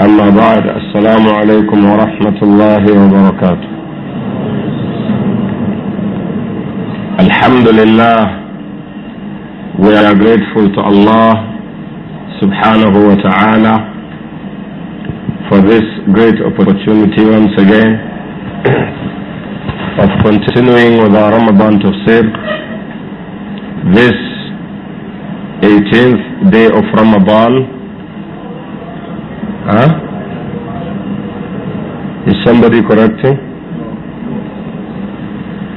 أما بعد السلام عليكم ورحمة الله وبركاته Alhamdulillah we are grateful to Allah subhanahu wa ta'ala for this great opportunity once again of continuing with our Ramadan tafsir this 18th day of Ramadan Huh? Is somebody correcting?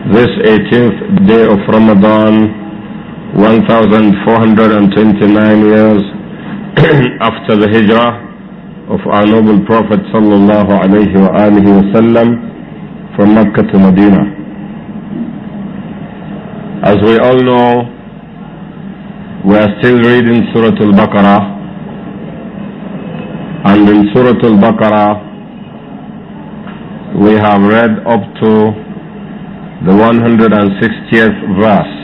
This 18th day of Ramadan, 1429 years after the Hijrah of our noble Prophet sallallahu alaihi wasallam from Mecca to Medina. As we all know, we are still reading Surah Al-Baqarah and in Surah Al-Baqarah, we have read up to the 160th verse.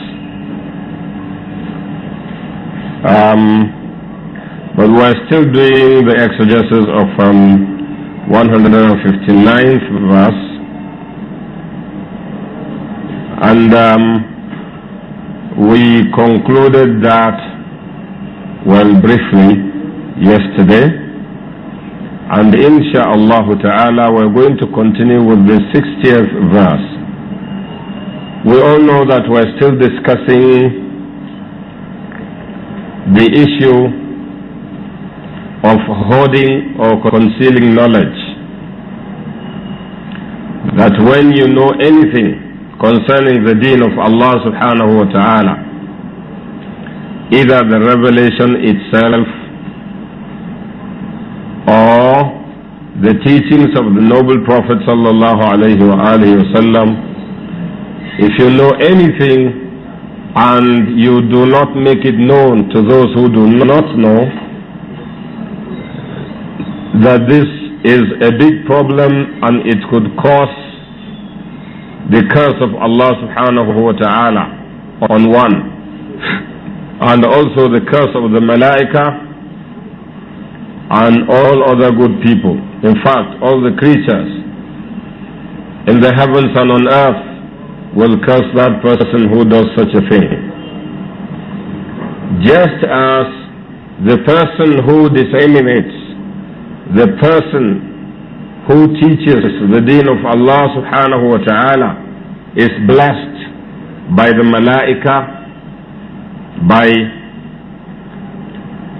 Um, but we're still doing the exegesis of um, 159th verse. And um, we concluded that, well, briefly yesterday and insha'Allah ta'ala, we're going to continue with the 60th verse. We all know that we're still discussing the issue of hoarding or concealing knowledge. That when you know anything concerning the deen of Allah subhanahu wa ta'ala, either the revelation itself or the teachings of the noble Prophet sallallahu alaihi wasallam. If you know anything and you do not make it known to those who do not know, that this is a big problem and it could cause the curse of Allah subhanahu wa ta'ala on one and also the curse of the malaika and all other good people. In fact, all the creatures in the heavens and on earth will curse that person who does such a thing. Just as the person who disseminates, the person who teaches the deen of Allah subhanahu wa ta'ala is blessed by the malaika, by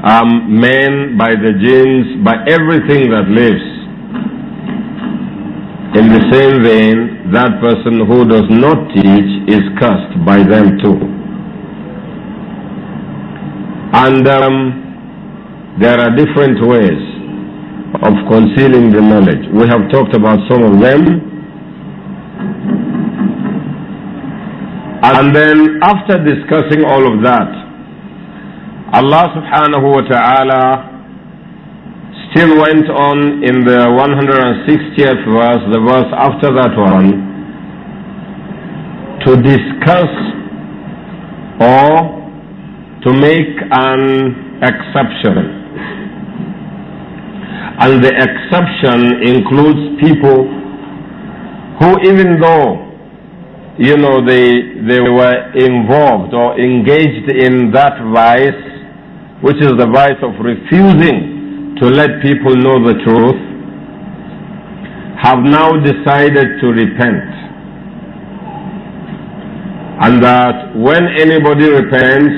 um, men, by the genes, by everything that lives. In the same vein, that person who does not teach is cursed by them too. And um, there are different ways of concealing the knowledge. We have talked about some of them. And then after discussing all of that, Allah subhanahu wa ta'ala still went on in the 160th verse, the verse after that one, to discuss or to make an exception. And the exception includes people who, even though you know, they, they were involved or engaged in that vice, which is the vice of refusing to let people know the truth, have now decided to repent. And that when anybody repents,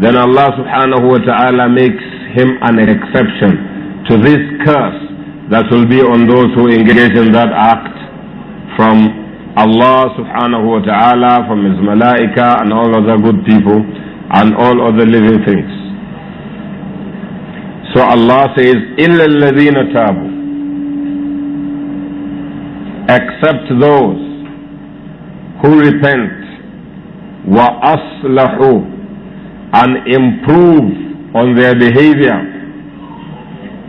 then Allah subhanahu wa ta'ala makes him an exception to this curse that will be on those who engage in that act from Allah subhanahu wa ta'ala, from His malaika and all other good people and all other living things. So Allah says, إِلَّا الَّذِينَ تَابُوا Except those who repent وَأَصْلَحُوا and improve on their behavior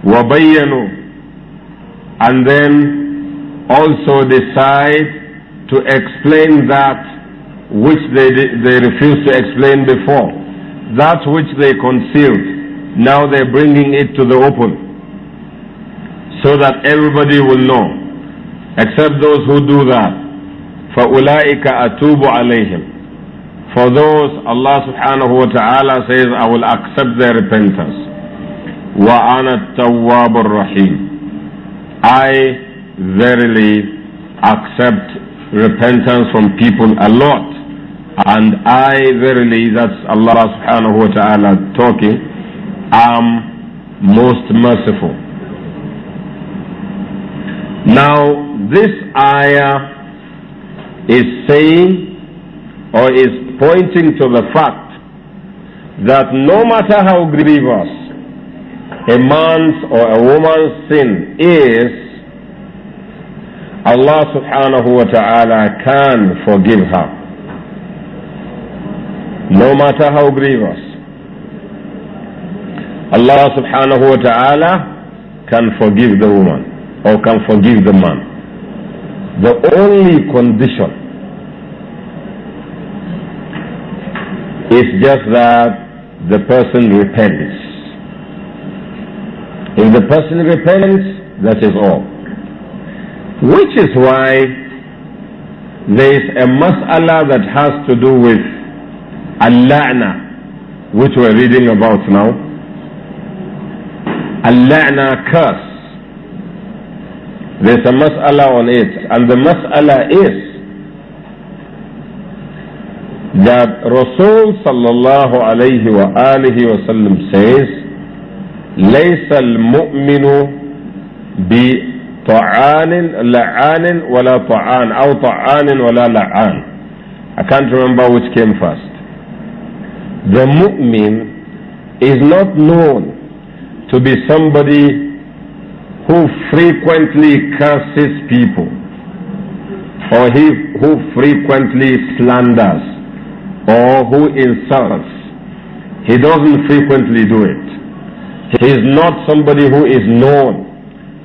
وَبَيَّنُوا and then also decide to explain that which they, they refused to explain before, that which they concealed. Now they're bringing it to the open so that everybody will know, except those who do that. فَأُولَٰئِكَ أَتُوبُ عَلَيْهِمْ For those, Allah subhanahu wa ta'ala says, I will accept their repentance. وَأَنَا التَّوَّابُ الرَّحِيمُ I verily accept repentance from people a lot. And I verily, that's Allah subhanahu wa ta'ala talking, am most merciful. Now, this ayah is saying or is pointing to the fact that no matter how grievous a man's or a woman's sin is, Allah subhanahu wa ta'ala can forgive her. No matter how grievous. Allah subhanahu wa ta'ala can forgive the woman or can forgive the man. The only condition is just that the person repents. If the person repents, that is all. Which is why there is a mas'ala that has to do with al which we're reading about now. A lana curse. There's a mas'ala on it. And the mas'ala is that Rasul sallallahu alayhi wa alihi wa sallam says, ليس المؤمن بطعان لعان ولا طعان أو طعان ولا لعان I can't remember which came first. The mu'min is not known to be somebody who frequently curses people or he who frequently slanders or who insults. He doesn't frequently do it. He is not somebody who is known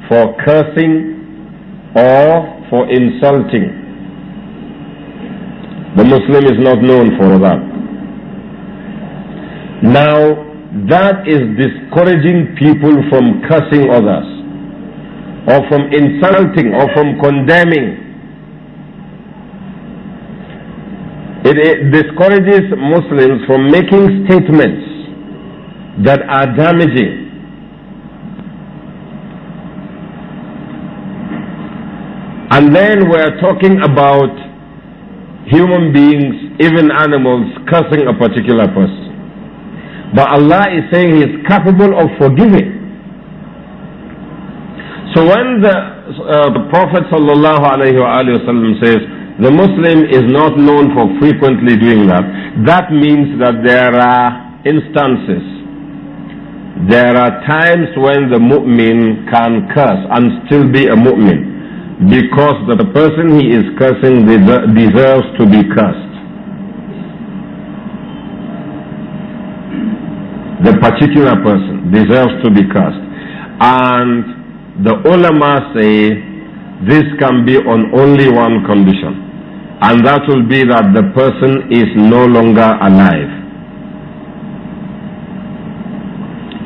for cursing or for insulting. The Muslim is not known for that. Now, that is discouraging people from cursing others or from insulting or from condemning. It, it discourages Muslims from making statements that are damaging. And then we're talking about human beings, even animals, cursing a particular person. But Allah is saying He is capable of forgiving. So when the, uh, the Prophet ﷺ says, the Muslim is not known for frequently doing that, that means that there are instances, there are times when the mu'min can curse and still be a mu'min because the person he is cursing deserves to be cursed. the particular person deserves to be cast. And the ulama say this can be on only one condition, and that will be that the person is no longer alive.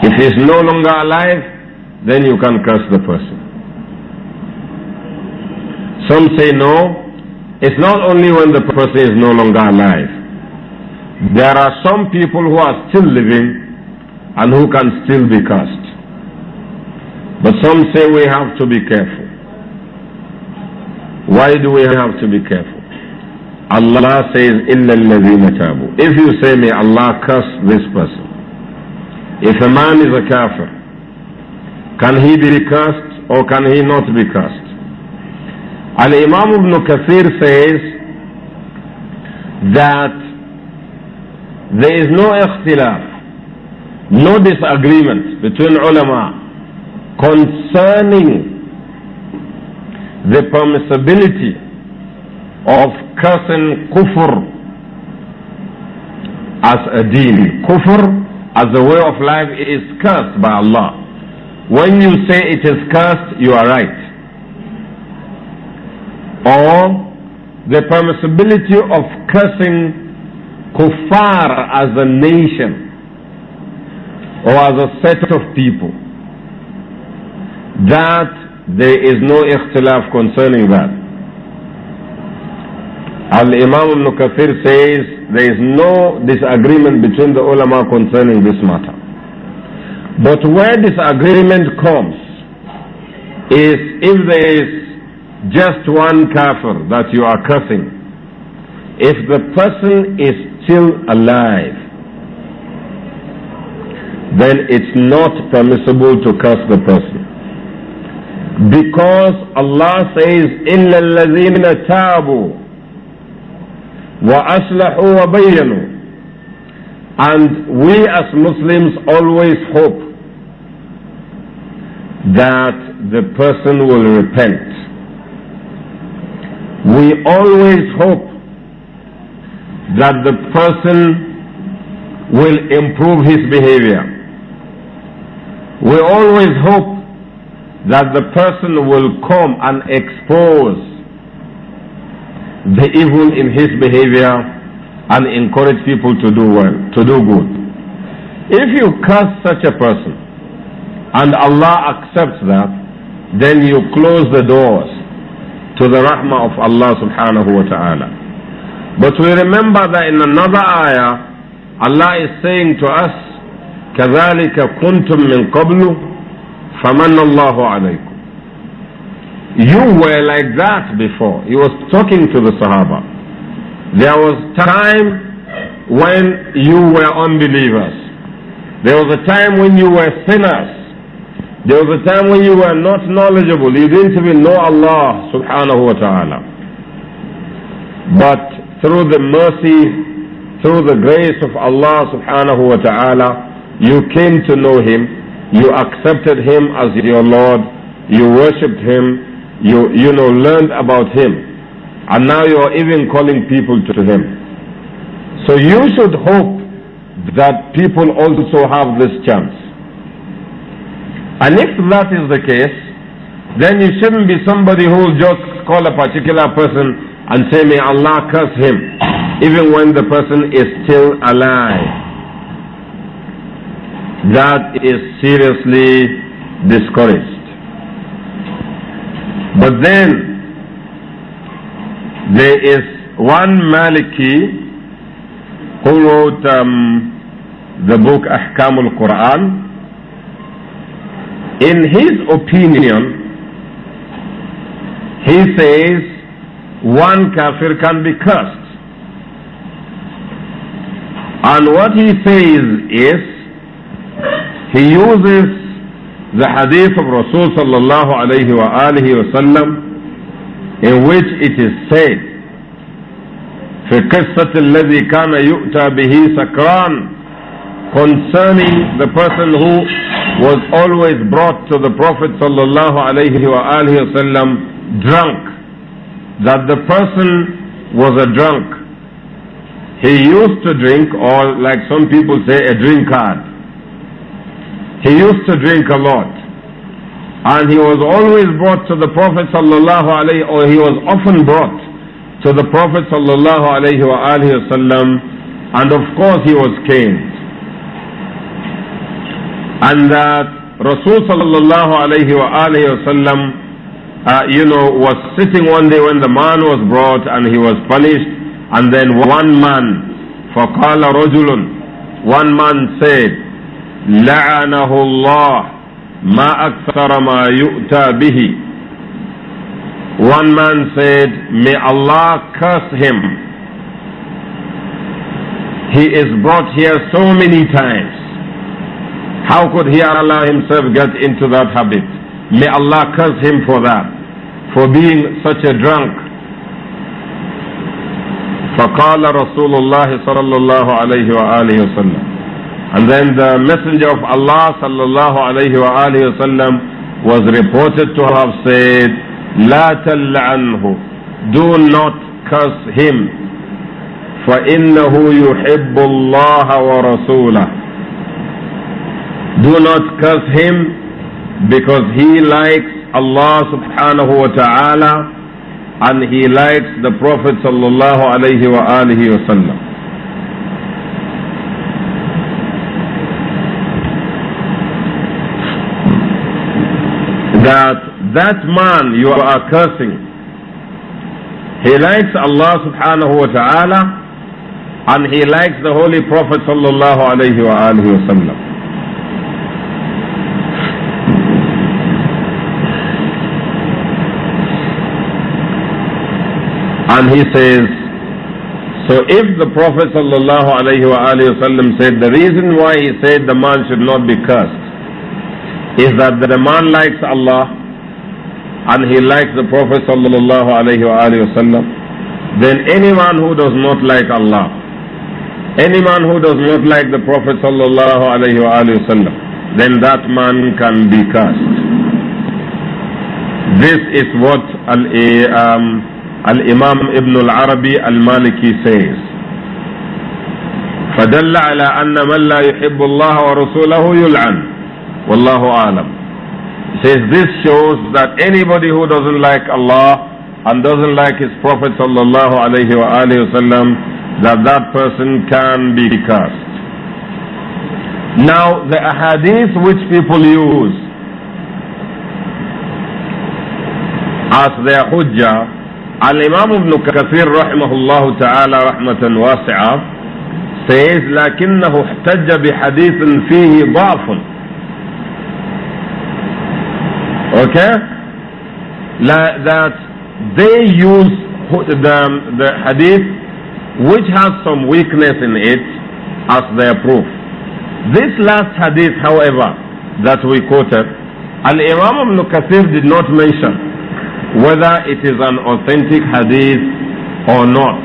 If he is no longer alive, then you can curse the person. Some say no. It's not only when the person is no longer alive. There are some people who are still living and who can still be cursed? But some say we have to be careful. Why do we have to be careful? Allah says, إِلَّا If you say, may Allah curse this person. If a man is a kafir, can he be cursed or can he not be cursed? And Imam ibn Kathir says that there is no ikhtilaf no disagreement between ulama concerning the permissibility of cursing kufr as a deen. Kufr as a way of life is cursed by Allah. When you say it is cursed, you are right. Or the permissibility of cursing kuffar as a nation or as a set of people. That there is no ikhtilaf concerning that. Al-Imam al Kathir says there is no disagreement between the ulama concerning this matter. But where disagreement comes is if there is just one kafir that you are cursing, if the person is still alive, then it's not permissible to curse the person. Because Allah says, إِلَّا الَّذِينَ تَابُوا وَأَصْلَحُوا وَبَيَّنُوا And we as Muslims always hope that the person will repent. We always hope that the person will improve his behavior. We always hope that the person will come and expose the evil in his behavior and encourage people to do well, to do good. If you curse such a person and Allah accepts that, then you close the doors to the rahmah of Allah subhanahu wa ta'ala. But we remember that in another ayah, Allah is saying to us, كذلك كنتم من قبل فمن الله عليكم you were like that before he was talking to the sahaba there was time when you were unbelievers there was a time when you were sinners there was a time when you were not knowledgeable you didn't even know allah subhanahu wa ta'ala but through the mercy through the grace of allah subhanahu wa ta'ala you came to know him, you accepted him as your Lord, you worshipped him, you, you know, learned about him. And now you're even calling people to him. So you should hope that people also have this chance. And if that is the case, then you shouldn't be somebody who will just call a particular person and say, may Allah curse him, even when the person is still alive that is seriously discouraged. But then there is one Maliki who wrote um, the book Ahkamul Quran. In his opinion, he says one kafir can be cursed. And what he says is he uses the hadith of Rasul sallallahu alayhi wa alihi in which it is said في قصة الذي كان يؤتى به سكران concerning the person who was always brought to the Prophet sallallahu alayhi wa alihi wasallam drunk that the person was a drunk he used to drink or like some people say a drinkard he used to drink a lot. And he was always brought to the Prophet sallallahu alayhi, or he was often brought to the Prophet sallallahu alayhi wa wasallam, and of course he was caned. And that Rasul sallallahu alayhi wa alayhi wasallam, uh, you know, was sitting one day when the man was brought and he was punished, and then one man, فَقَالَ رَجُلٌ One man said, لعنه الله ما أكثر ما يؤتى به One man said, may Allah curse him. He is brought here so many times. How could he allow himself get into that habit? May Allah curse him for that, for being such a drunk. فقال رسول الله صلى الله عليه وآله وسلم and then the Messenger of Allah sallallahu alayhi wa alayhi wa was reported to have said, لا تلعنه Do not curse him. فَإِنَّهُ يُحِبُّ اللَّهَ وَرَسُولَهُ do not curse him because he likes Allah subhanahu wa ta'ala and he likes the Prophet sallallahu alayhi wa alihi wa sallam. that that man you are cursing, he likes Allah subhanahu wa ta'ala and he likes the Holy Prophet sallallahu alayhi wa wa sallam. And he says, so if the Prophet sallallahu alayhi wa sallam said, the reason why he said the man should not be cursed, is that the man likes Allah and he likes the Prophet sallallahu alaihi wasallam, then anyone who does not like Allah, anyone who does not like the Prophet sallallahu alaihi wasallam, then that man can be cursed. This is what al, eh, um, al Imam Ibn Al Arabi Al Maliki says. فدل على أن من لا يحب الله ورسوله يلعن Wallahu alam. Says this shows that anybody who doesn't like Allah and doesn't like his Prophet sallallahu alaihi wasallam, that that person can be cursed. Now the ahadith which people use as their hujjah, Al-Imam Ibn Kathir rahimahullah ta'ala rahmatan wasi'ah says, لكنه احتج بحديث فيه ضعف Okay? that they use the, the hadith which has some weakness in it as their proof. This last hadith, however, that we quoted, Al-Imam ibn Kathir did not mention whether it is an authentic hadith or not.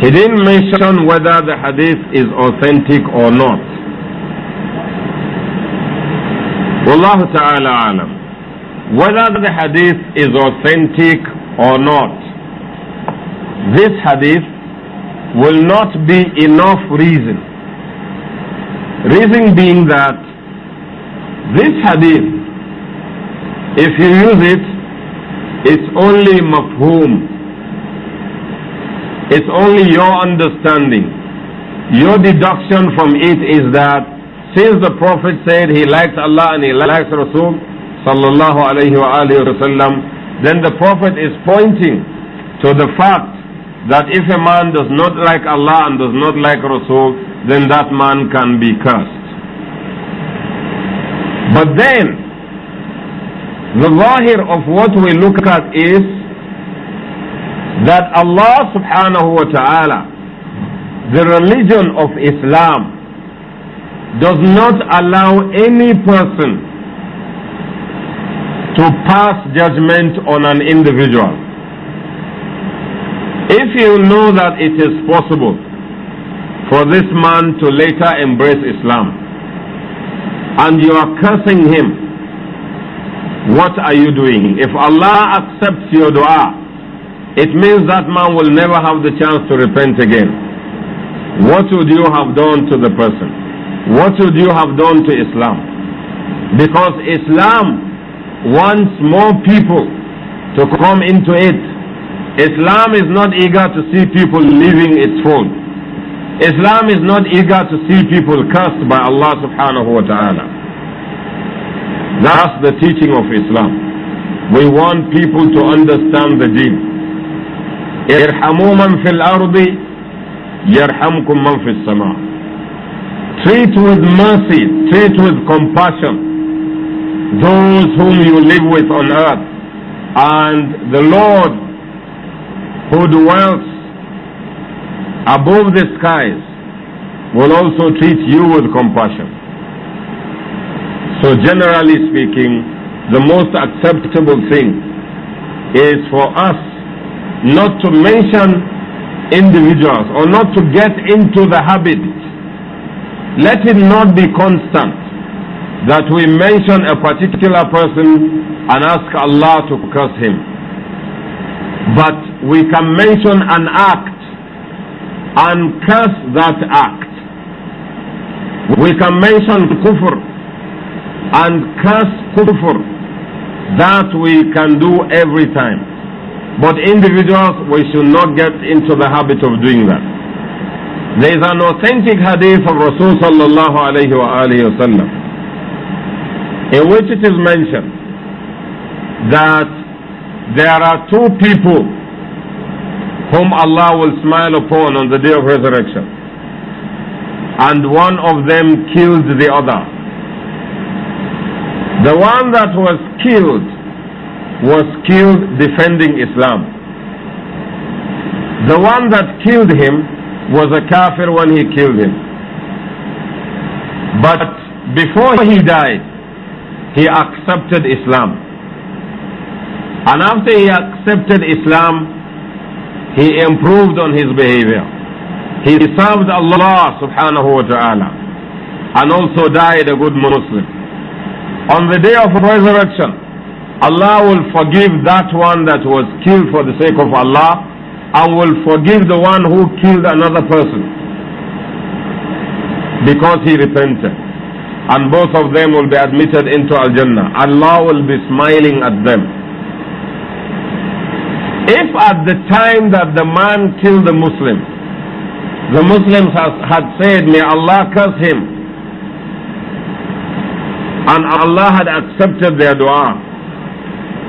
He didn't mention whether the hadith is authentic or not. Wallahu ta'ala alam. Whether the hadith is authentic or not, this hadith will not be enough reason. Reason being that this hadith, if you use it, it's only mafhum, it's only your understanding. Your deduction from it is that since the Prophet said he likes Allah and he likes Rasul sallallahu alayhi wa wasallam, then the Prophet is pointing to the fact that if a man does not like Allah and does not like Rasul, then that man can be cursed. But then, the zahir of what we look at is that Allah subhanahu wa ta'ala, the religion of Islam, does not allow any person to pass judgment on an individual. If you know that it is possible for this man to later embrace Islam and you are cursing him, what are you doing? If Allah accepts your dua, it means that man will never have the chance to repent again. What would you have done to the person? What would you have done to Islam? Because Islam wants more people to come into it. Islam is not eager to see people leaving its fold. Islam is not eager to see people cursed by Allah subhanahu wa ta'ala. That's the teaching of Islam. We want people to understand the deen treat with mercy treat with compassion those whom you live with on earth and the Lord who dwells above the skies will also treat you with compassion so generally speaking the most acceptable thing is for us not to mention individuals or not to get into the habit. Let it not be constant that we mention a particular person and ask Allah to curse him. But we can mention an act and curse that act. We can mention kufr and curse kufr. That we can do every time. But individuals, we should not get into the habit of doing that. There is an authentic hadith of Rasul sallallahu alayhi wa alayhi in which it is mentioned that there are two people whom Allah will smile upon on the day of resurrection and one of them killed the other. The one that was killed was killed defending Islam. The one that killed him was a kafir when he killed him. But before he died, he accepted Islam. And after he accepted Islam, he improved on his behavior. He served Allah subhanahu wa ta'ala and also died a good Muslim. On the day of resurrection, Allah will forgive that one that was killed for the sake of Allah and will forgive the one who killed another person because he repented. And both of them will be admitted into Al Jannah. Allah will be smiling at them. If at the time that the man killed the Muslim, the Muslims has, had said, May Allah curse him, and Allah had accepted their dua,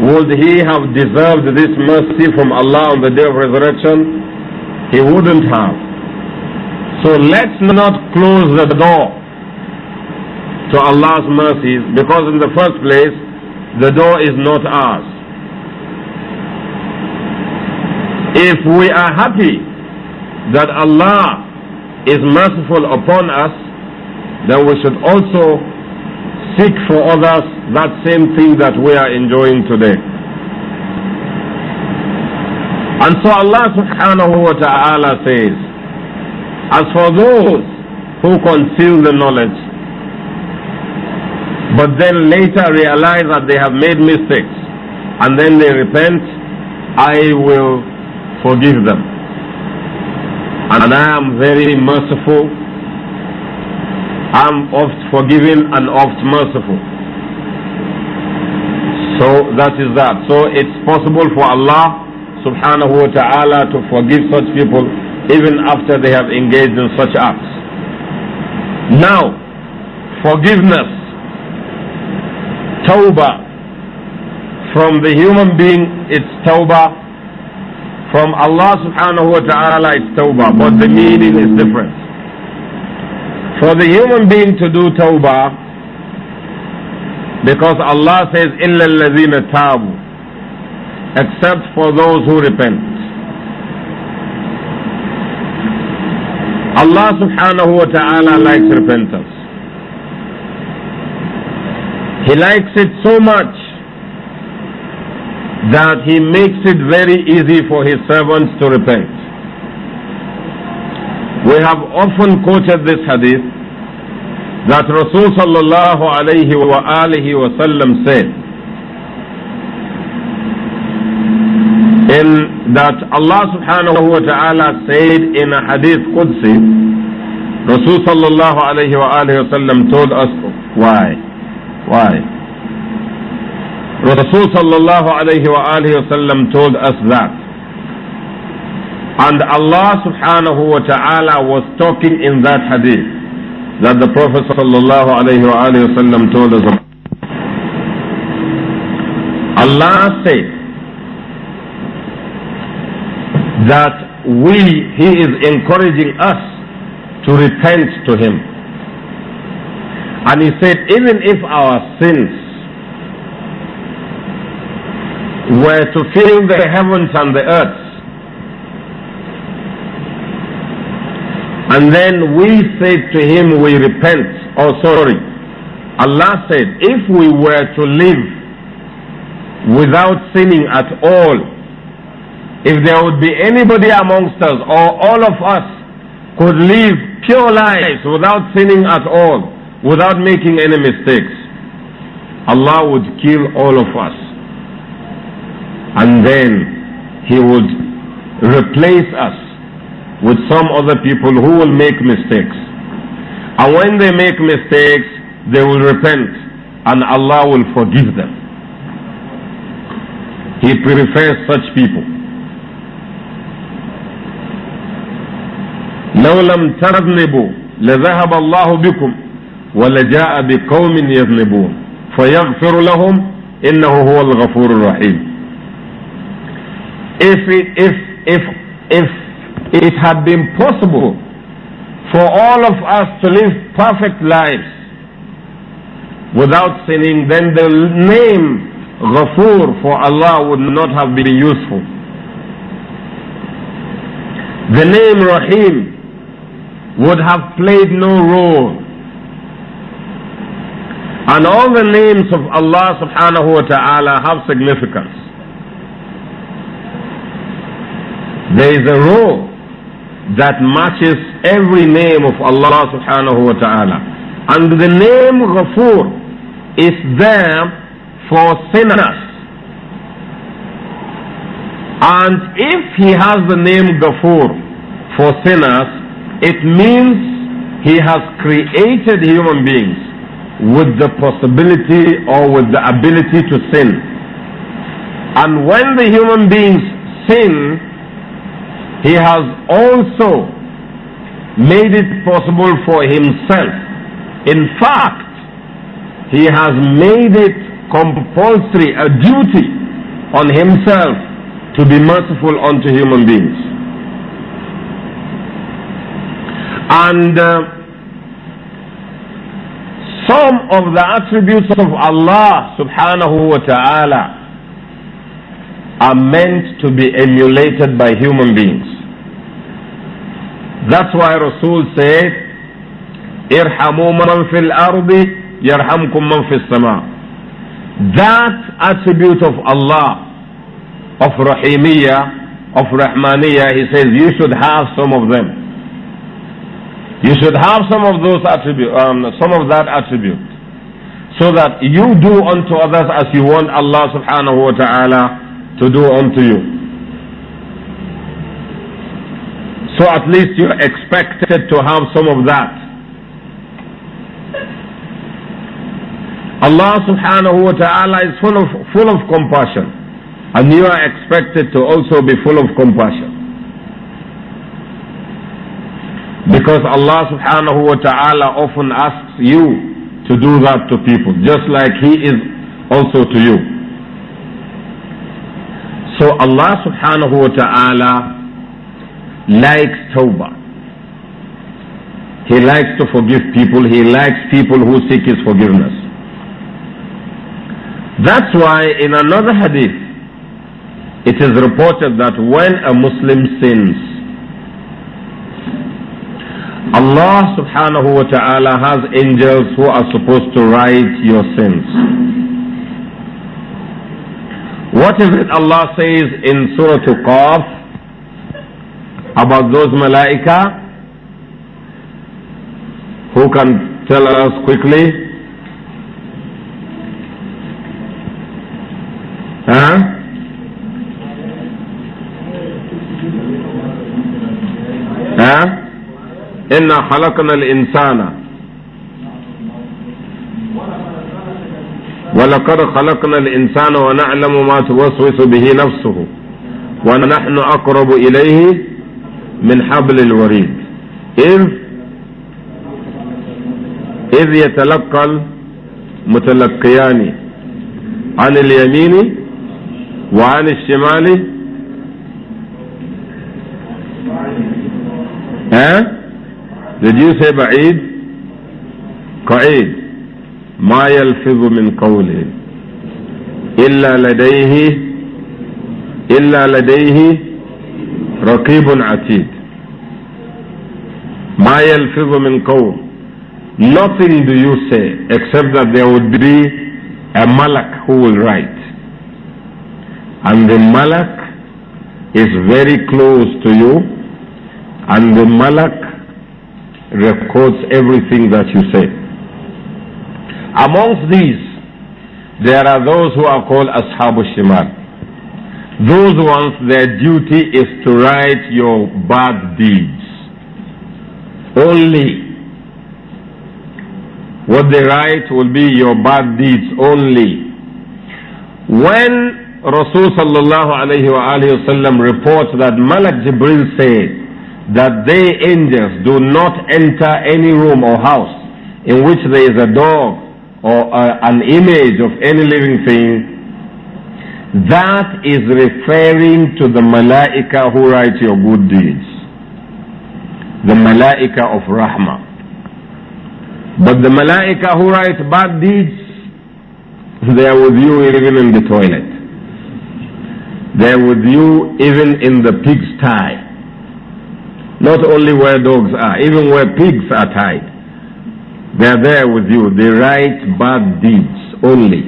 would he have deserved this mercy from Allah on the day of resurrection? He wouldn't have. So let's not close the door to Allah's mercies because in the first place, the door is not ours. If we are happy that Allah is merciful upon us, then we should also seek for others that same thing that we are enjoying today. And so Allah subhanahu wa ta'ala says, As for those who conceal the knowledge, but then later realize that they have made mistakes, and then they repent, I will forgive them. And I am very merciful I'm oft forgiving and oft merciful. So that is that. So it's possible for Allah subhanahu wa ta'ala to forgive such people even after they have engaged in such acts. Now, forgiveness, tawbah, from the human being it's tawbah, from Allah subhanahu wa ta'ala it's tawbah, but the meaning is different for the human being to do tawbah because Allah says إِلَّا الَّذِينَ تَابُوا except for those who repent Allah subhanahu wa ta'ala likes repentance He likes it so much that He makes it very easy for His servants to repent we have often quoted this hadith that Rasul sallallahu alayhi wa alihi wa sallam said in that Allah subhanahu wa ta'ala said in a hadith Qudsi Rasul sallallahu alayhi wa alihi wa sallam told us why why Rasul sallallahu alayhi wa alihi wa sallam told us that and Allah subhanahu wa ta'ala was talking in that hadith that the Prophet sallallahu alayhi wa told us about. Allah said that we, He is encouraging us to repent to Him. And He said, even if our sins were to fill the heavens and the earth, And then we said to him, We repent. Oh, sorry. Allah said, If we were to live without sinning at all, if there would be anybody amongst us or all of us could live pure lives without sinning at all, without making any mistakes, Allah would kill all of us. And then He would replace us with some other people who will make mistakes. And when they make mistakes, they will repent and Allah will forgive them. He prefers such people. لو لم تذنبوا لذهب الله بكم ولجاء بقوم يذنبون فيغفر لهم إنه هو الغفور الرحيم. If, if, if, if it had been possible for all of us to live perfect lives without sinning, then the name Ghafur for Allah would not have been useful. The name Rahim would have played no role. And all the names of Allah subhanahu wa ta'ala have significance. There is a role that matches every name of Allah subhanahu wa ta'ala. And the name Gafur is there for sinners. And if he has the name Gafur for sinners, it means he has created human beings with the possibility or with the ability to sin. And when the human beings sin, he has also made it possible for himself. In fact, he has made it compulsory, a duty on himself to be merciful unto human beings. And uh, some of the attributes of Allah subhanahu wa ta'ala are meant to be emulated by human beings. That's why Rasul said, Irhamu man fil ardi, yarhamkum man fil sama. That attribute of Allah, of Rahimiyya, of Rahmaniyya, he says, you should have some of them. You should have some of those attribute, um, some of that attribute, so that you do unto others as you want Allah subhanahu wa ta'ala to do unto you. So at least you're expected to have some of that. Allah subhanahu wa ta'ala is full of, full of compassion and you are expected to also be full of compassion. Because Allah subhanahu wa ta'ala often asks you to do that to people, just like He is also to you. So Allah subhanahu wa ta'ala likes tawbah. He likes to forgive people. He likes people who seek His forgiveness. That's why in another hadith, it is reported that when a Muslim sins, Allah subhanahu wa ta'ala has angels who are supposed to write your sins. What is it Allah says in Surah Qaf about those malaika? Who can tell us quickly? Huh? Huh? إنا خلقنا الإنسان ولقد خلقنا الإنسان ونعلم ما توسوس به نفسه ونحن أقرب إليه من حبل الوريد إذ إذ يتلقى المتلقيان عن اليمين وعن الشمال ها؟ Did you say بعيد؟ قعيد ما يلفظ من قوله إلا لديه إلا لديه رقيب عتيد ما يلفظ من قول Nothing do you say except that there would be a malak who will write. And the malak is very close to you and the malak records everything that you say. Amongst these, there are those who are called Ashabu Shimar. Those ones, their duty is to write your bad deeds. Only. What they write will be your bad deeds only. When Rasul sallallahu alayhi wa wasallam reports that Malak Jibril said that they angels do not enter any room or house in which there is a dog or uh, an image of any living thing, that is referring to the malaika who write your good deeds. The malaika of rahmah. But the malaika who write bad deeds, they are with you even in the toilet. They are with you even in the pigsty. Not only where dogs are, even where pigs are tied. They are there with you. They write bad deeds only.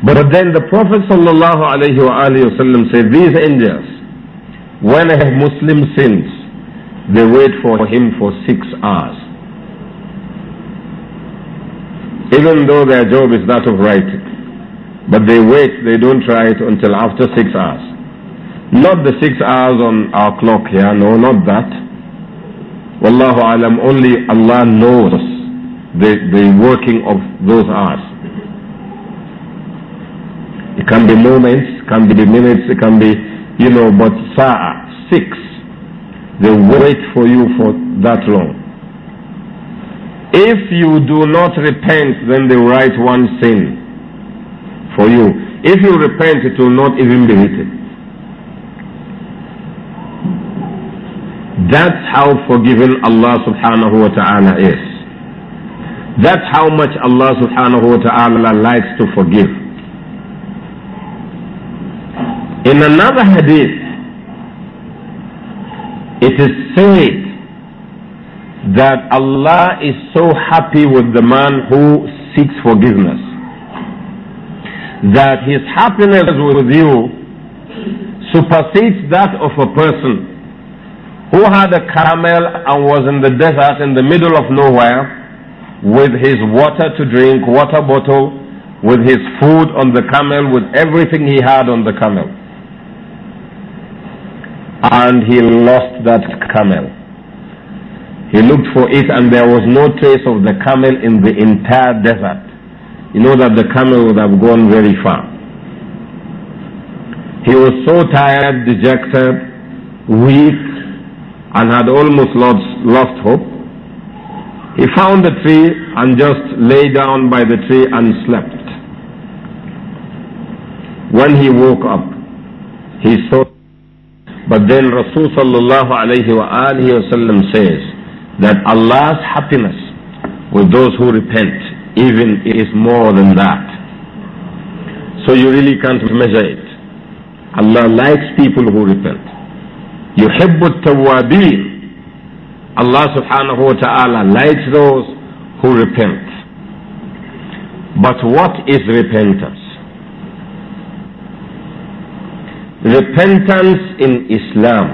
But then the Prophet wasallam, said, these angels, when a Muslim sins, they wait for him for six hours. Even though their job is that of writing. But they wait, they don't try it until after six hours. Not the six hours on our clock here, no, not that. Wallahu alam, only Allah knows the, the working of those hours. It can be moments, can be minutes, it can be, you know, but sa'a, six, they wait for you for that long. If you do not repent, then they write one sin for you. If you repent, it will not even be written. That's how forgiving Allah subhanahu wa ta'ala is. That's how much Allah subhanahu wa ta'ala likes to forgive. In another hadith, it is said that Allah is so happy with the man who seeks forgiveness that his happiness with you supersedes that of a person who had a camel and was in the desert in the middle of nowhere with his water to drink, water bottle, with his food on the camel, with everything he had on the camel. And he lost that camel. He looked for it and there was no trace of the camel in the entire desert. You know that the camel would have gone very far. He was so tired, dejected, weak, and had almost lost, lost hope, he found a tree and just lay down by the tree and slept. When he woke up, he saw. But then Rasulullah sallallahu alayhi wa wasallam says that Allah's happiness with those who repent even is more than that. So you really can't measure it. Allah likes people who repent. يحب التوابين Allah subhanahu wa ta'ala likes those who repent. But what is repentance? Repentance in Islam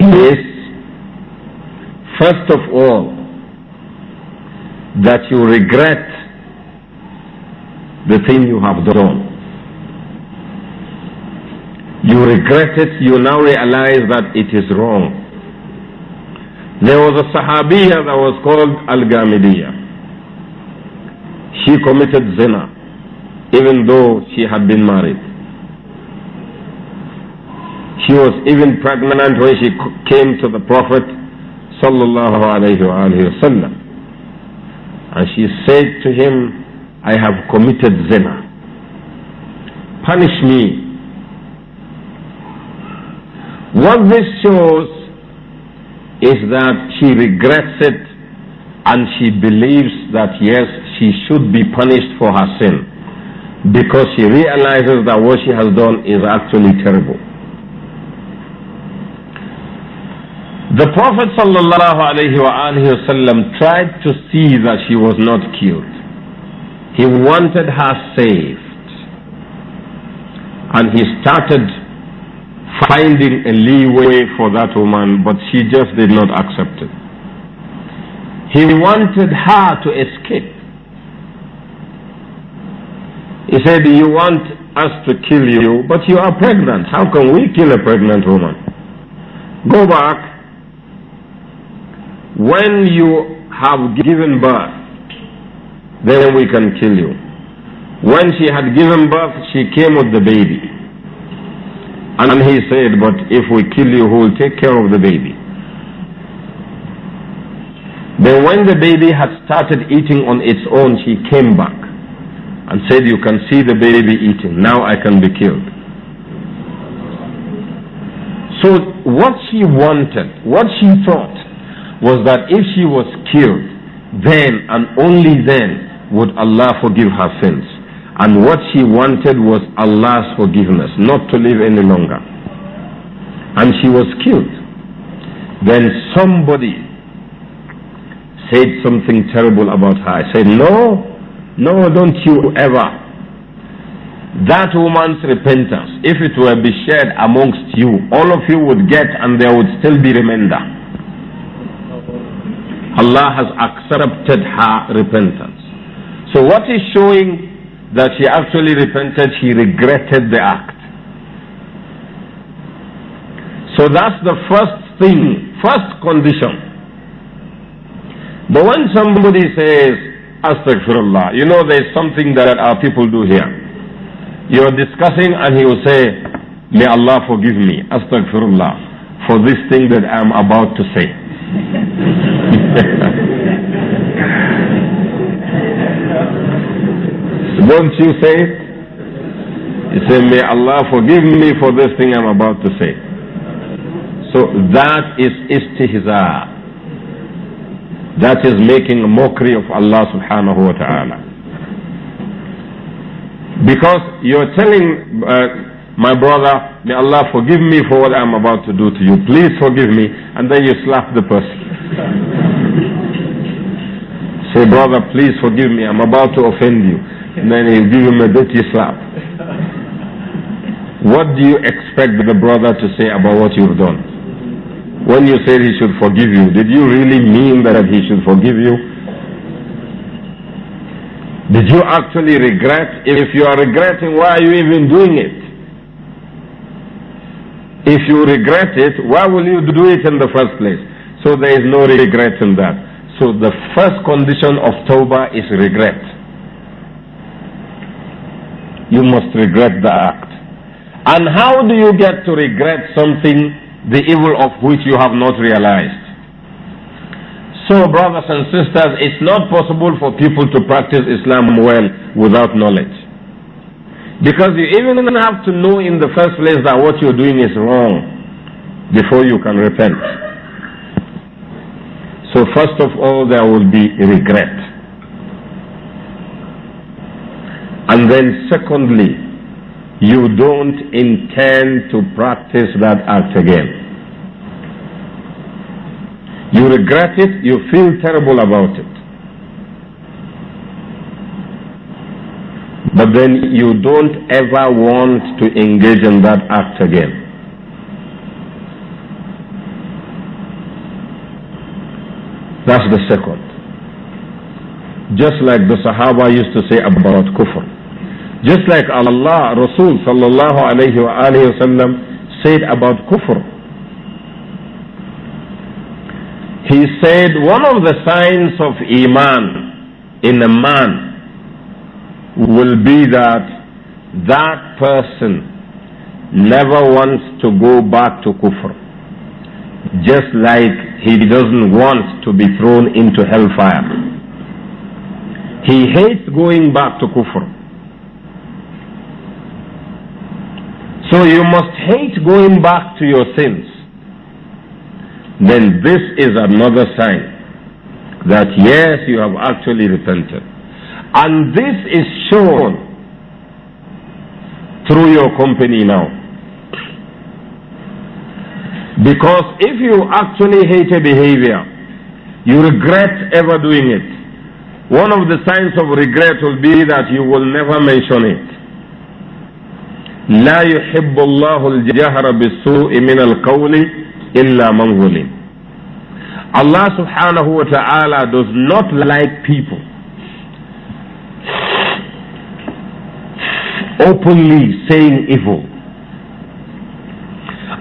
is, first of all, that you regret the thing you have done. You regret it, you now realize that it is wrong. There was a Sahabiya that was called Al Ghamidiyya. She committed zina, even though she had been married. She was even pregnant when she came to the Prophet sallallahu alaihi wasallam, and she said to him, "I have committed zina. Punish me what this shows is that she regrets it and she believes that yes, she should be punished for her sin because she realizes that what she has done is actually terrible. The Prophet ﷺ tried to see that she was not killed. He wanted her saved. And he started finding a leeway for that woman, but she just did not accept it. He wanted her to escape. He said, You want us to kill you, but you are pregnant. How can we kill a pregnant woman? Go back. When you have given birth, then we can kill you. When she had given birth, she came with the baby. And he said, but if we kill you, who will take care of the baby? Then when the baby had started eating on its own, he came back and said, you can see the baby eating. Now I can be killed. So what she wanted, what she thought, was that if she was killed, then and only then would Allah forgive her sins. And what she wanted was Allah's forgiveness, not to live any longer. And she was killed. Then somebody said something terrible about her. I said, No, no, don't you ever. That woman's repentance, if it were be shared amongst you, all of you would get and there would still be remainder. Allah has accepted her repentance. So what is showing that she actually repented, she regretted the act. So that's the first thing, first condition. But when somebody says, Astaghfirullah, you know there's something that our people do here. You're discussing and he will say, May Allah forgive me, Astaghfirullah, for this thing that I'm about to say. Don't you say it? You say, May Allah forgive me for this thing I'm about to say. So that is istihza. That is making a mockery of Allah subhanahu wa ta'ala. Because you're telling uh, my brother, may Allah forgive me for what I'm about to do to you. Please forgive me. And then you slap the person. Say, brother, please forgive me. I'm about to offend you then you give him a dirty slap. What do you expect the brother to say about what you've done? When you said he should forgive you, did you really mean that he should forgive you? Did you actually regret? If you are regretting, why are you even doing it? If you regret it, why will you do it in the first place? So there is no regret in that. So the first condition of Tawbah is regret you must regret the act. And how do you get to regret something, the evil of which you have not realized? So, brothers and sisters, it's not possible for people to practice Islam well without knowledge. Because you even have to know in the first place that what you're doing is wrong before you can repent. So, first of all, there will be regret. And then secondly, you don't intend to practice that act again. You regret it, you feel terrible about it. But then you don't ever want to engage in that act again. That's the second. Just like the Sahaba used to say about kufr. Just like Allah, Rasul sallallahu alayhi wa alayhi wasallam said about kufr. He said one of the signs of Iman in a man will be that that person never wants to go back to kufr. Just like he doesn't want to be thrown into hellfire. He hates going back to kufr. So you must hate going back to your sins. Then this is another sign that yes, you have actually repented. And this is shown through your company now. Because if you actually hate a behavior, you regret ever doing it. One of the signs of regret will be that you will never mention it. لا يحب الله الجهر بالسوء من القول إلا من ظلم Allah subhanahu wa ta'ala does not like people openly saying evil.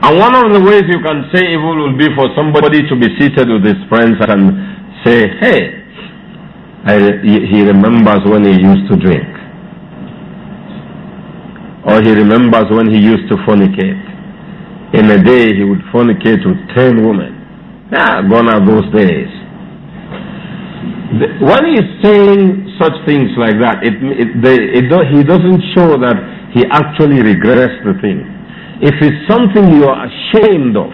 And one of the ways you can say evil will be for somebody to be seated with his friends and say, hey, I, he remembers when he used to drink. Or he remembers when he used to fornicate. In a day, he would fornicate with ten women. Ah, gone are those days. When he's saying such things like that, it, it, they, it do, he doesn't show that he actually regrets the thing. If it's something you are ashamed of,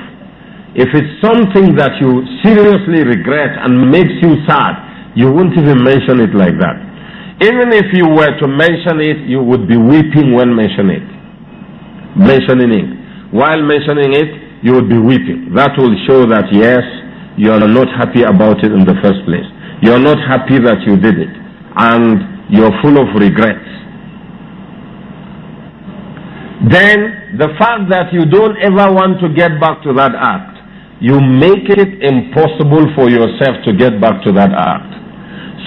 if it's something that you seriously regret and makes you sad, you won't even mention it like that. Even if you were to mention it, you would be weeping when mentioning it. Mentioning it. While mentioning it, you would be weeping. That will show that yes, you are not happy about it in the first place. You are not happy that you did it. And you're full of regrets. Then the fact that you don't ever want to get back to that act, you make it impossible for yourself to get back to that act.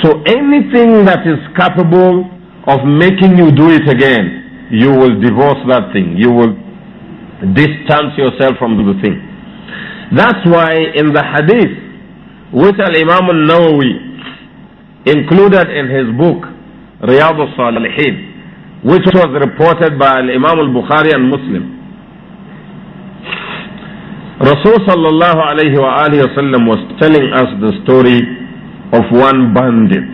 So anything that is capable of making you do it again, you will divorce that thing. You will distance yourself from the thing. That's why in the hadith, which imam al-Nawawi included in his book, Riyadh al-Salihin, which was reported by imam al-Bukhari and Muslim, Rasul was telling us the story of one bandit,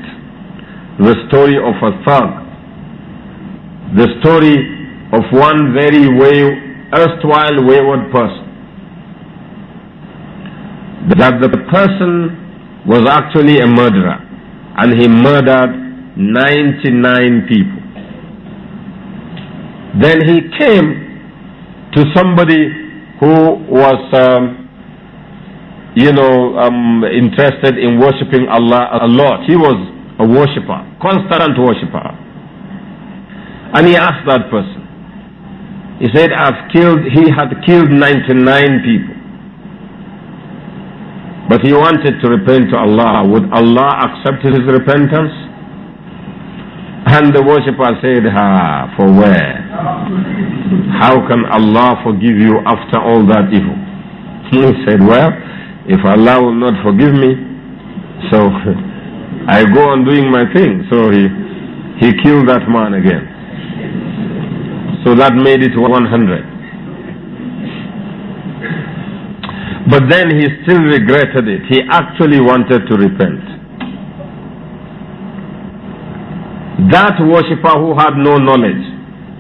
the story of a thug, the story of one very way, erstwhile wayward person. That the person was actually a murderer and he murdered 99 people. Then he came to somebody who was. Um, you know, um, interested in worshipping Allah a lot. He was a worshipper, constant worshipper. And he asked that person. He said, I've killed, he had killed 99 people. But he wanted to repent to Allah. Would Allah accept his repentance? And the worshipper said, Ha, ah, for where? How can Allah forgive you after all that evil? He said, Well, if Allah will not forgive me, so I go on doing my thing. So he, he killed that man again. So that made it 100. But then he still regretted it. He actually wanted to repent. That worshipper who had no knowledge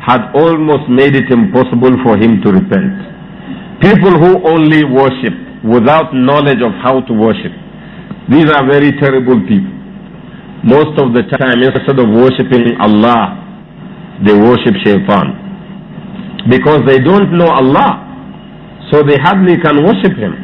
had almost made it impossible for him to repent. People who only worship without knowledge of how to worship. These are very terrible people. Most of the time, instead of worshipping Allah, they worship shaitan. Because they don't know Allah, so they hardly can worship him.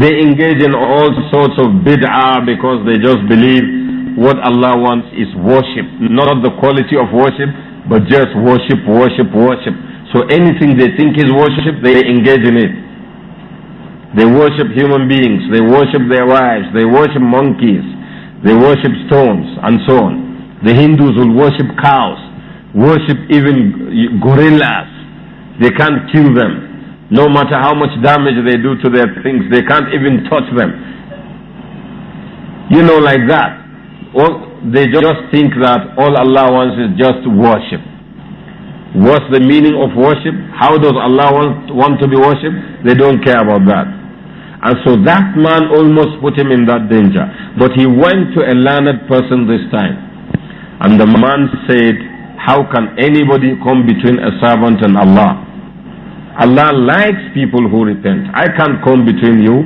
They engage in all sorts of bid'ah because they just believe what Allah wants is worship, not the quality of worship, but just worship, worship, worship. So anything they think is worship, they engage in it. They worship human beings, they worship their wives, they worship monkeys, they worship stones, and so on. The Hindus will worship cows, worship even gorillas. They can't kill them. No matter how much damage they do to their things, they can't even touch them. You know, like that. All, they just think that all Allah wants is just worship. What's the meaning of worship? How does Allah want, want to be worshipped? They don't care about that. And so that man almost put him in that danger. But he went to a learned person this time. And the man said, How can anybody come between a servant and Allah? Allah likes people who repent. I can't come between you.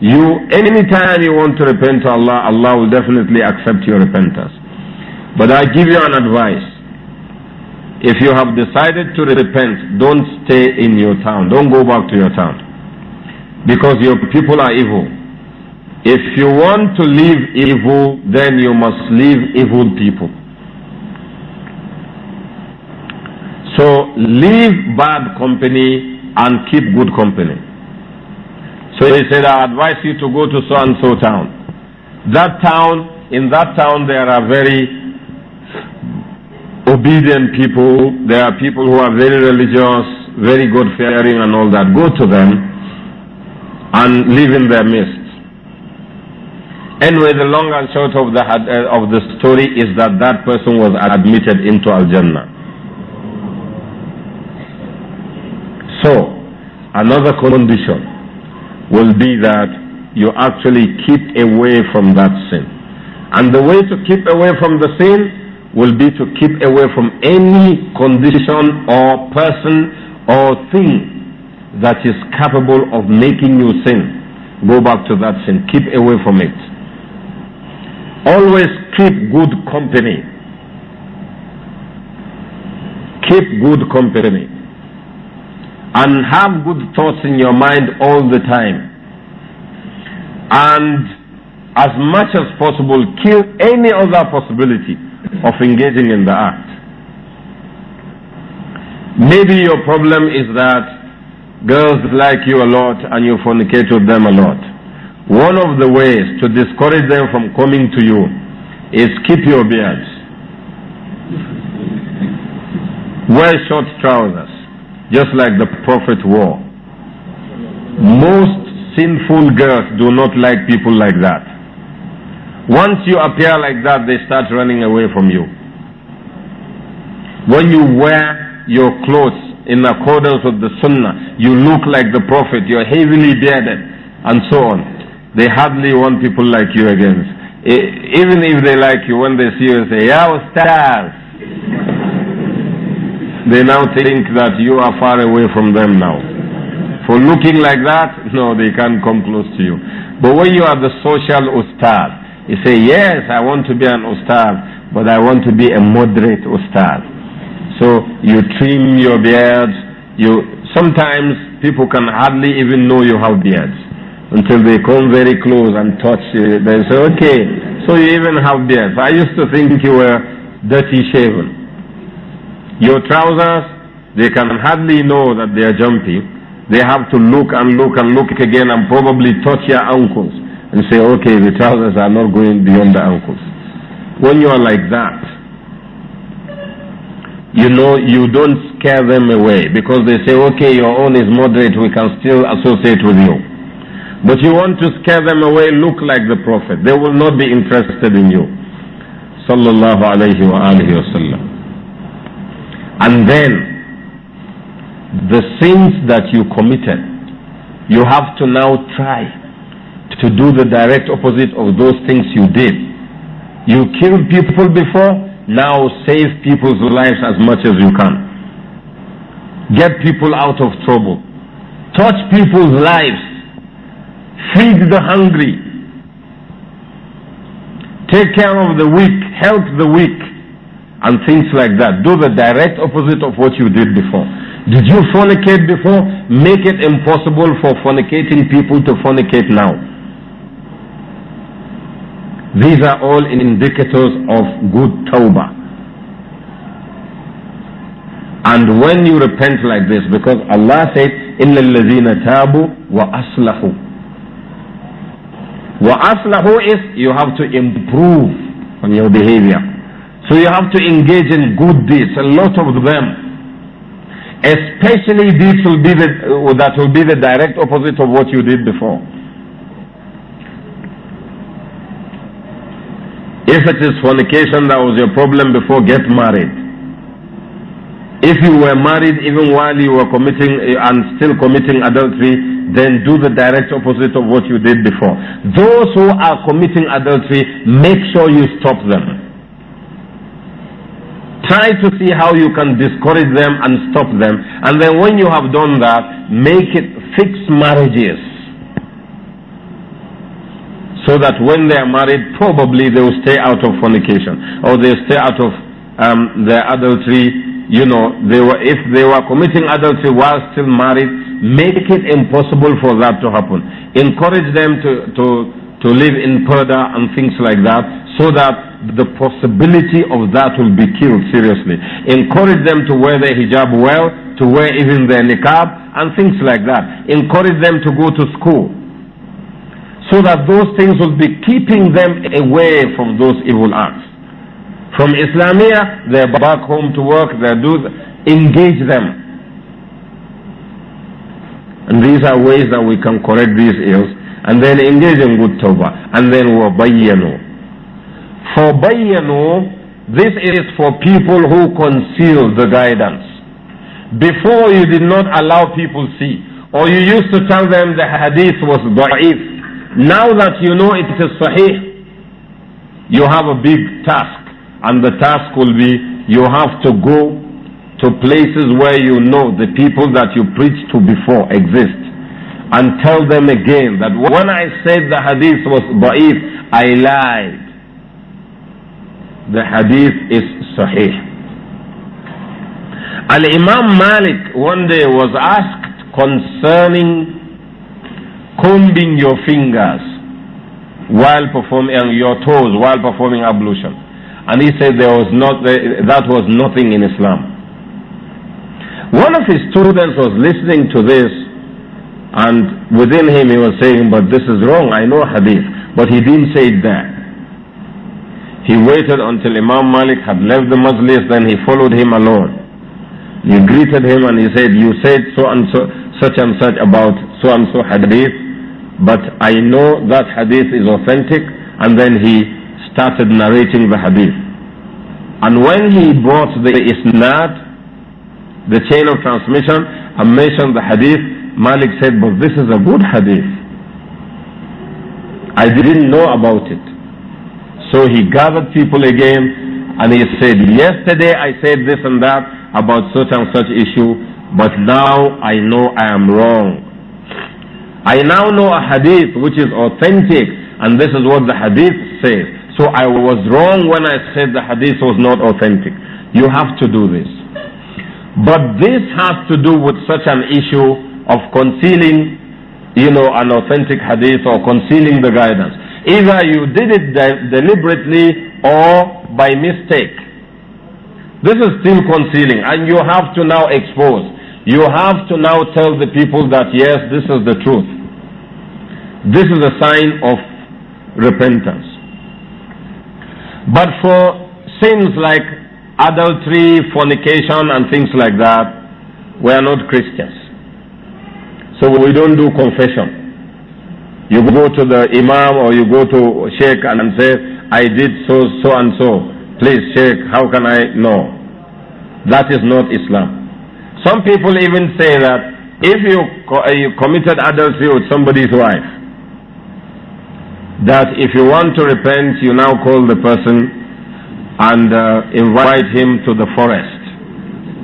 You, anytime you want to repent to Allah, Allah will definitely accept your repentance. But I give you an advice. If you have decided to repent, don't stay in your town. Don't go back to your town because your people are evil. If you want to leave evil, then you must leave evil people. So leave bad company and keep good company. So he said, I advise you to go to so and so town. That town, in that town, there are very obedient people, there are people who are very religious, very God fearing, and all that. Go to them and live in their midst. Anyway, the long and short of the, uh, of the story is that that person was admitted into Al Jannah. So, another condition will be that you actually keep away from that sin. And the way to keep away from the sin will be to keep away from any condition or person or thing that is capable of making you sin, go back to that sin. Keep away from it. Always keep good company. Keep good company. And have good thoughts in your mind all the time. And as much as possible, kill any other possibility of engaging in the act. Maybe your problem is that girls like you a lot and you fornicate with them a lot. One of the ways to discourage them from coming to you is keep your beards. Wear short trousers, just like the Prophet wore. Most sinful girls do not like people like that. Once you appear like that, they start running away from you. When you wear your clothes in accordance with the sunnah, you look like the prophet, you're heavily bearded, and so on. They hardly want people like you again. Even if they like you, when they see you, they say, Ya Ustaz! they now think that you are far away from them now. For looking like that, no, they can't come close to you. But when you are the social Ustaz, you say, Yes, I want to be an Ustaz, but I want to be a moderate Ustaz. So you trim your beard. You sometimes people can hardly even know you have beards until they come very close and touch you. They say, "Okay, so you even have beards." I used to think you were dirty shaven. Your trousers, they can hardly know that they are jumpy. They have to look and look and look again and probably touch your ankles and say, "Okay, the trousers are not going beyond the ankles." When you are like that you know, you don't scare them away because they say, okay, your own is moderate, we can still associate with you. But you want to scare them away, look like the Prophet. They will not be interested in you. Sallallahu alayhi wa alihi wasallam. And then, the sins that you committed, you have to now try to do the direct opposite of those things you did. You killed people before, now save people's lives as much as you can. Get people out of trouble. Touch people's lives. Feed the hungry. Take care of the weak. Help the weak. And things like that. Do the direct opposite of what you did before. Did you fornicate before? Make it impossible for fornicating people to fornicate now. These are all indicators of good tawbah. And when you repent like this, because Allah said, إِلَّا الَّذِينَ تَابُوا وَأَصْلَحُوا وَأَصْلَحُوا is you have to improve on your behavior. So you have to engage in good deeds, a lot of them. Especially deeds will be the, uh, that will be the direct opposite of what you did before. If it is fornication that was your problem before, get married. If you were married even while you were committing eh, and still committing adultery, then do the direct opposite of what you did before. Those who are committing adultery, make sure you stop them. Try to see how you can discourage them and stop them. And then when you have done that, make it fix marriages so that when they are married, probably they will stay out of fornication or they stay out of um, their adultery. You know, they were if they were committing adultery while still married, make it impossible for that to happen. Encourage them to to to live in purdah and things like that, so that the possibility of that will be killed seriously. Encourage them to wear their hijab well, to wear even their niqab and things like that. Encourage them to go to school so that those things will be keeping them away from those evil acts. From Islamia, they're back home to work, they do, engage them. And these are ways that we can correct these ills and then engage in good tawbah and then wabayyanu. For bayyanu, this is for people who conceal the guidance. Before you did not allow people see, or you used to tell them the hadith was da'if, now that you know it is sahih, you have a big task. And the task will be you have to go to places where you know the people that you preached to before exist. And tell them again that when I said the hadith was da'if, I lied. The hadith is sahih. Al Imam Malik one day was asked concerning combing your fingers while performing and your toes while performing ablution. And he said there was not that was nothing in Islam. One of his students was listening to this, and within him he was saying, "But this is wrong. I know hadith, but he didn't say that. He waited until Imam Malik had left the majlis, then he followed him alone. He greeted him and he said, "You said so and so, such and such about so and so hadith." but I know that hadith is authentic and then he started narrating the hadith. And when he brought the isnad, the chain of transmission, and mentioned the hadith, Malik said, but this is a good hadith. I didn't know about it. So he gathered people again and he said, yesterday I said this and that about such and such issue, but now I know I am wrong. I now know a hadith which is authentic and this is what the hadith says. So I was wrong when I said the hadith was not authentic. You have to do this. But this has to do with such an issue of concealing, you know, an authentic hadith or concealing the guidance. Either you did it de deliberately or by mistake. This is still concealing and you have to now expose. You have to now tell the people that yes, this is the truth. This is a sign of repentance. But for sins like adultery, fornication, and things like that, we are not Christians. So we don't do confession. You go to the Imam or you go to Sheikh and say, I did so, so and so. Please, Sheikh, how can I know? That is not Islam. Some people even say that if you, uh, you committed adultery with somebody's wife, that if you want to repent, you now call the person and uh, invite him to the forest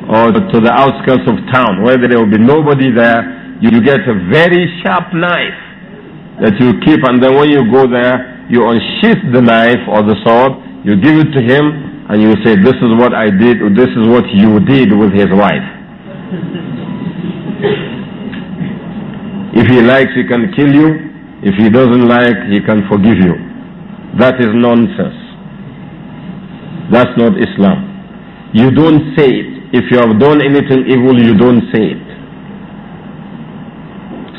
or to the outskirts of town where there will be nobody there. You get a very sharp knife that you keep, and then when you go there, you unsheath the knife or the sword, you give it to him, and you say, This is what I did, this is what you did with his wife. If he likes, he can kill you. If he doesn't like, he can forgive you. That is nonsense. That's not Islam. You don't say it. If you have done anything evil, you don't say it.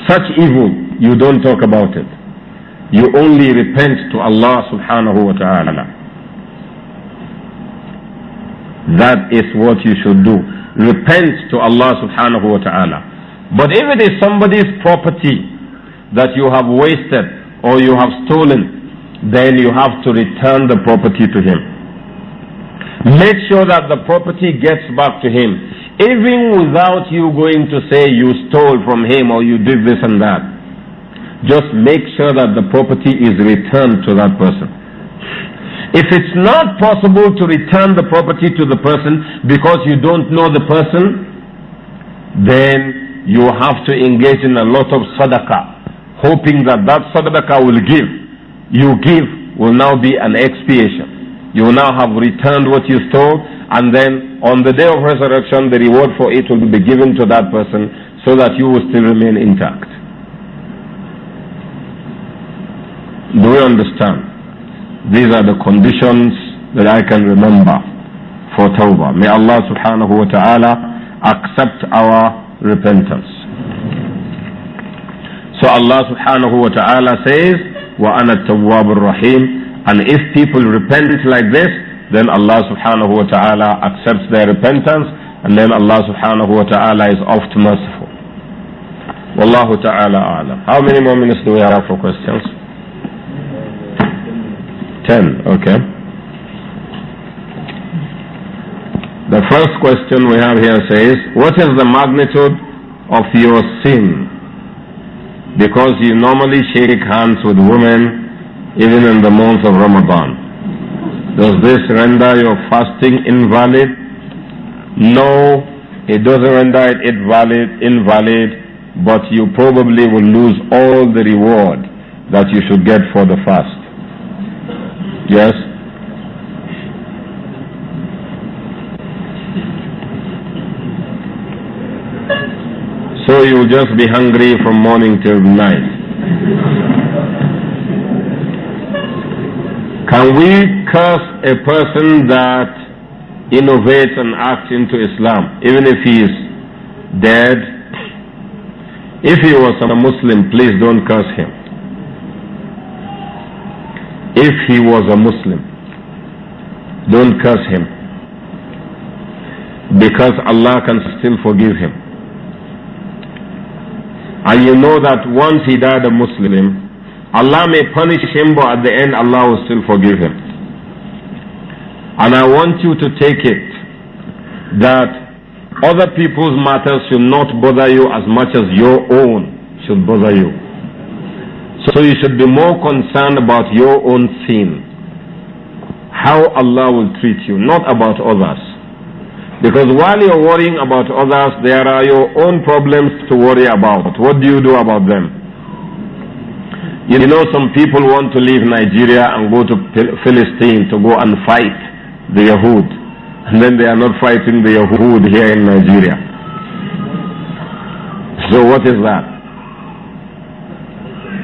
Such evil, you don't talk about it. You only repent to Allah subhanahu wa ta'ala. That is what you should do repent to Allah subhanahu wa ta'ala. But if it is somebody's property that you have wasted or you have stolen, then you have to return the property to him. Make sure that the property gets back to him, even without you going to say you stole from him or you did this and that. Just make sure that the property is returned to that person. If it's not possible to return the property to the person because you don't know the person, then you have to engage in a lot of sadaqah, hoping that that sadaqah will give. You give will now be an expiation. You will now have returned what you stole, and then on the day of resurrection, the reward for it will be given to that person so that you will still remain intact. Do we understand? These are the conditions that I can remember for tawbah. May Allah subhanahu wa ta'ala accept our repentance. So Allah subhanahu wa ta'ala says, وَأَنَا التَّوَّابُ الرَّحِيمُ And if people repent like this, then Allah subhanahu wa ta'ala accepts their repentance, and then Allah subhanahu wa ta'ala is oft merciful. Wallahu ta'ala alam. How many more minutes do we have for questions? 10, okay. The first question we have here says, What is the magnitude of your sin? Because you normally shake hands with women even in the month of Ramadan. Does this render your fasting invalid? No, it doesn't render it invalid, invalid, but you probably will lose all the reward that you should get for the fast. Yes? So you'll just be hungry from morning till night. Can we curse a person that innovates and acts into Islam, even if he is dead? If he was a Muslim, please don't curse him if he was a Muslim. Don't curse him. Because Allah can still forgive him. And you know that once he died a Muslim, Allah may punish him, but at the end Allah will still forgive him. And I want you to take it that other people's matters should not bother you as much as your own should bother you. So you should be more concerned about your own sin. How Allah will treat you, not about others. Because while you're worrying about others, there are your own problems to worry about. What do you do about them? You know, some people want to leave Nigeria and go to Philistine to go and fight the Yahud. And then they are not fighting the Yahud here in Nigeria. So what is that?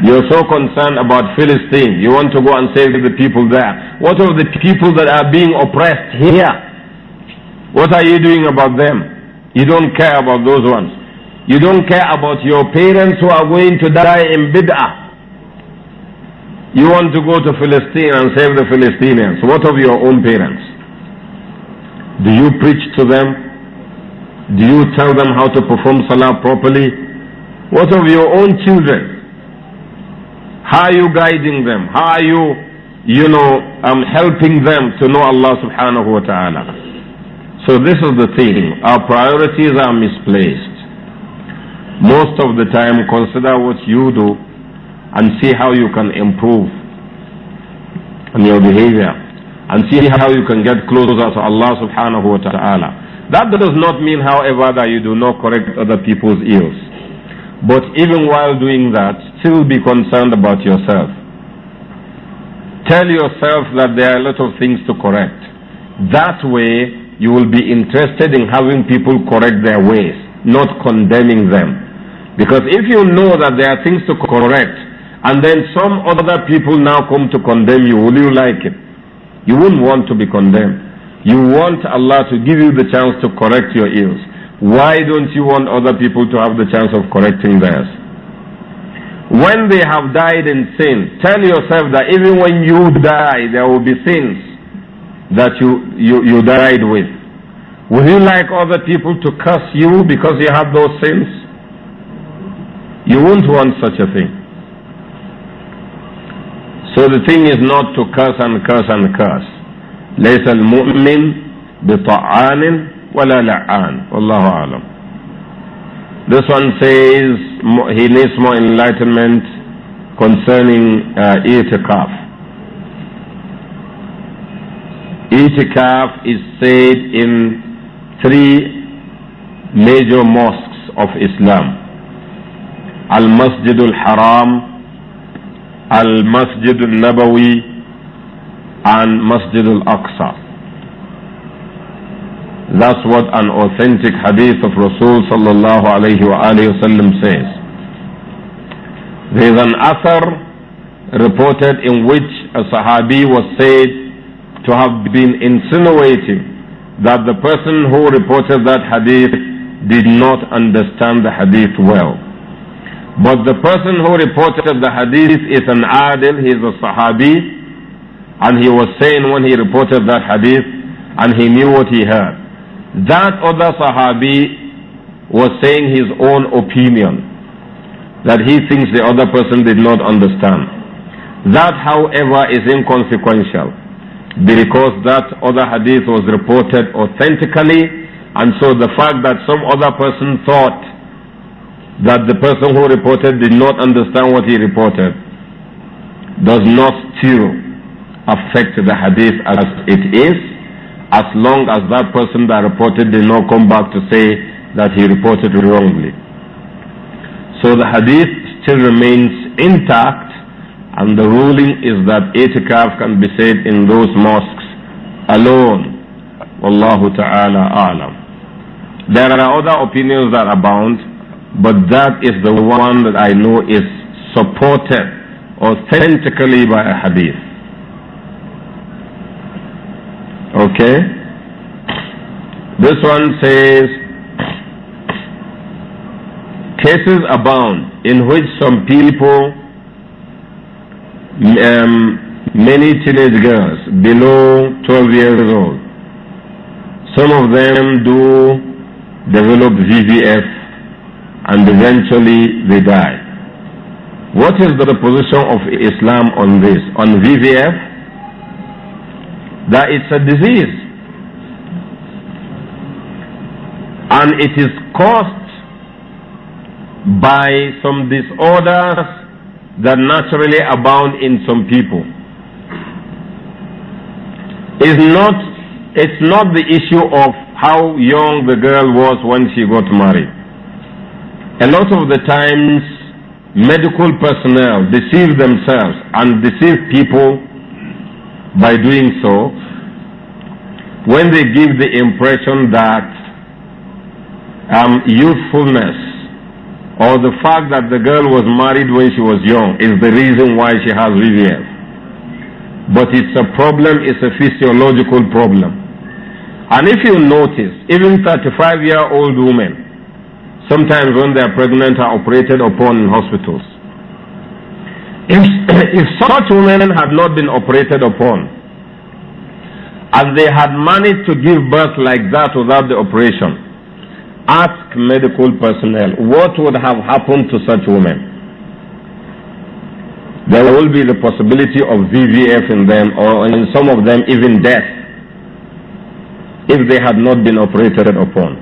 You're so concerned about Philistine. You want to go and save the people there. What of the people that are being oppressed here? What are you doing about them? You don't care about those ones. You don't care about your parents who are going to die in bid'ah. You want to go to Philistine and save the Philistinians. What of your own parents? Do you preach to them? Do you tell them how to perform salah properly? What of your own children? How are you guiding them? How are you, you know, um, helping them to know Allah subhanahu wa ta'ala? So this is the thing. Our priorities are misplaced. Most of the time, consider what you do and see how you can improve on your behavior and see how you can get closer to Allah subhanahu wa ta'ala. That does not mean, however, that you do not correct other people's ills but even while doing that, still be concerned about yourself. Tell yourself that there are a lot of things to correct. That way, you will be interested in having people correct their ways, not condemning them. Because if you know that there are things to correct, and then some other people now come to condemn you, will you like it? You wouldn't want to be condemned. You want Allah to give you the chance to correct your ills. Why don't you want other people to have the chance of correcting theirs? When they have died in sin, tell yourself that even when you die, there will be sins that you, you, you died with. Would you like other people to curse you because you have those sins? You won't want such a thing. So the thing is not to curse and curse and curse. ليس المؤمن بطعان ولا لعان this one says he needs more enlightenment concerning uh, itikaf itikaf is said in three major mosques of Islam Al-Masjid Al-Haram Al-Masjid Al-Nabawi and Masjid Al-Aqsa that's what an authentic hadith of Rasul sallallahu alayhi says. There's an athar reported in which a sahabi was said to have been insinuating that the person who reported that hadith did not understand the hadith well. But the person who reported the hadith is an adil, he is a sahabi, and he was saying when he reported that hadith, and he knew what he heard. That other Sahabi was saying his own opinion that he thinks the other person did not understand. That, however, is inconsequential because that other hadith was reported authentically, and so the fact that some other person thought that the person who reported did not understand what he reported does not still affect the hadith as it is as long as that person that reported did not come back to say that he reported wrongly. So the hadith still remains intact and the ruling is that itikaf can be said in those mosques alone. Wallahu ta'ala alam. There are other opinions that abound, but that is the one that I know is supported authentically by a hadith. Okay? This one says, cases abound in which some people, um, many teenage girls below 12 years old, some of them do develop VVF and eventually they die. What is the position of Islam on this? On VVF? that it's a disease. And it is caused by some disorders that naturally abound in some people. It's not, it's not the issue of how young the girl was when she got married. A lot of the times, medical personnel deceive themselves and deceive people by doing so, when they give the impression that um, youthfulness or the fact that the girl was married when she was young is the reason why she has VVF. But it's a problem, it's a physiological problem. And if you notice, even 35 year old women, sometimes when they are pregnant, are operated upon in hospitals. If, if such women had not been operated upon, and they had managed to give birth like that without the operation, ask medical personnel what would have happened to such women. There will be the possibility of VVF in them, or in some of them, even death, if they had not been operated upon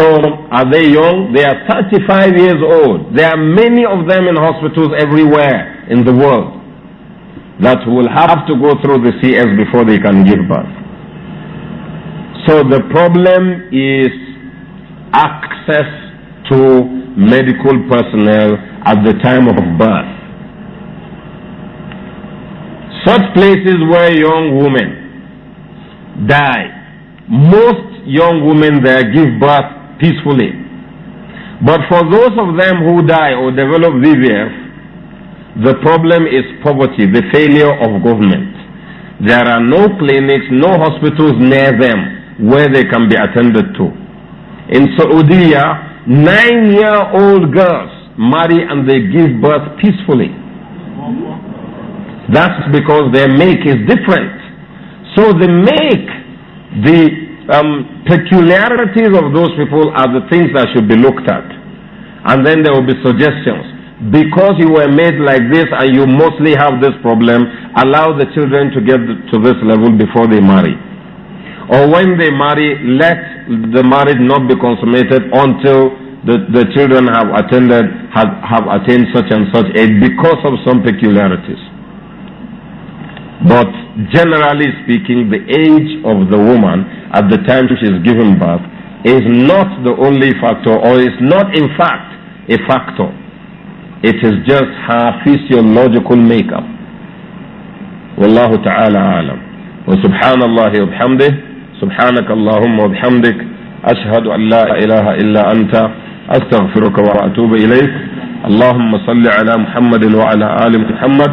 old are they young? They are 35 years old. There are many of them in hospitals everywhere in the world that will have to go through the CS before they can give birth. So the problem is access to medical personnel at the time of birth. Such places where young women die, most young women there give birth peacefully. But for those of them who die or develop VVF, the problem is poverty, the failure of government. There are no clinics, no hospitals near them where they can be attended to. In Saudi, nine-year-old girls marry and they give birth peacefully. That's because their make is different. So the make, the um, peculiarities of those people are the things that should be looked at. And then there will be suggestions because you were made like this and you mostly have this problem, allow the children to get to this level before they marry. Or when they marry, let the marriage not be consummated until the, the children have attended, have, have attained such and such age because of some peculiarities. But generally speaking, the age of the woman at the time she is giving birth is not the only factor, or is not in fact a factor. It is just her physiological makeup. Wallahu ta'ala alam. وسبحان الله وبحمده سبحانك اللهم وبحمدك أشهد أن لا إله إلا أنت أستغفرك وأتوب إليك اللهم صل على محمد وعلى آل محمد